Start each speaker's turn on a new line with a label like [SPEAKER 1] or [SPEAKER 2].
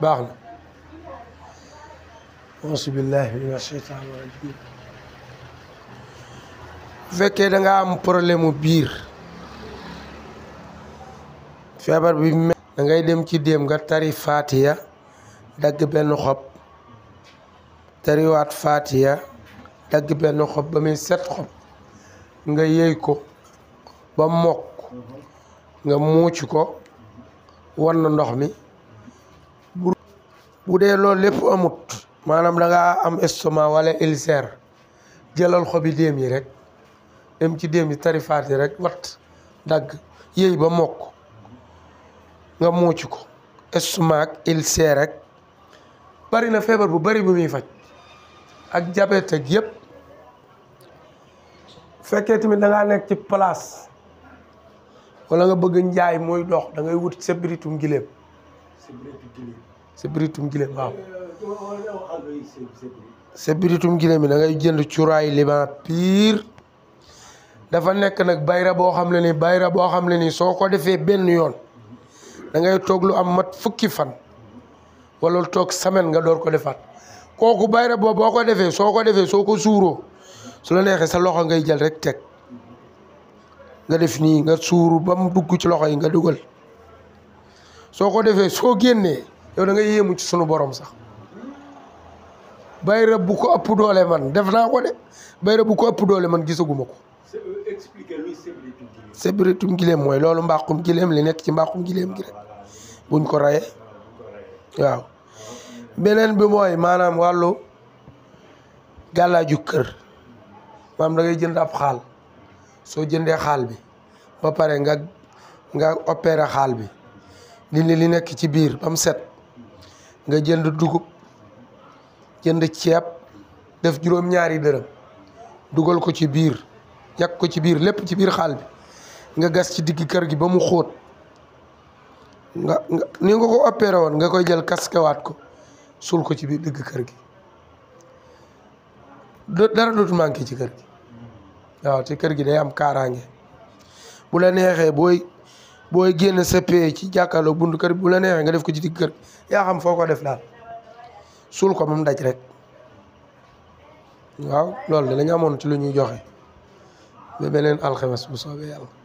[SPEAKER 1] baax na auzu bu fekkee da am problème mu biir feebar bi me da dem ci déem nga tari faatiya dagg benn xob tariwaat faatiya dagg benn xob ba muy set xob nga yëy ko ba mokk nga muuc ko wan na ndox mi bu dee loolu lépp amut maanaam da ngaa am estomac wala ulcère jëlal xobi déem yi rek dem ci déem yi tarifaat rek wat dagg yëy ba mokk nga muuc ko estomac ulcère rek bari na feebar bu bari bu muy faj ak diabète ak yëpp fekkee tamit dangaa nekk ci place wala nga bëgg njaay mooy dox da ngay wut sebritum giléem sibiritum gila waaw sibiritum gila mi da ngay jënd cuuraay liban pire dafa nekk nag bayra boo xam ni bayra boo xam ne ni soo ko defee yoon da ngay toog lu am mat fukki fan wala toog semaine nga door ko defaat kooku bayra boo boo ko defee soo ko defee soo ko su la neexee sa loxo ngay jël rek teg nga def nga suru bam dugg ci nga dugal soo ko defee yow da nga yéemu ci sunu borom sax bayra bu ko ëpp doole man def naa ko de bayra bu ko ëpp doole man gisaguma ko. expliquer luy gileem mooy loolu mbaaxum gileem li nekk ci mbaaxum gileem gi rek buñ ko rayee waaw beneen bi mooy maanaam wàllu gàllaaju kër maam da ngay jënd ab xaal soo jëndee xaal bi ba pare nga nga opéré xaal bi li li nekk ci biir ba set nga jënd dugub jënd ceeb def juroom ñaari dërëm dugal ko ci biir yak ko ci biir lepp ci biir xaal bi nga gas ci digg kër gi ba mu xoot nga ni nga ko opéré won nga koy jël wat ko sul ko ci biir digg kër gi dara dootu manqué ci kër gi waaw ci kër gi day am karangé bu la nexé boy booy génn sa pee ci jàkkaarloo bunt kër bu la neexee nga def ko ci digg kër yaa xam foo ko def daal suul ko moom daj rek waaw loolu de la ñu amoon ci lu ñuy joxe ba beneen alxames bu soobee yàlla.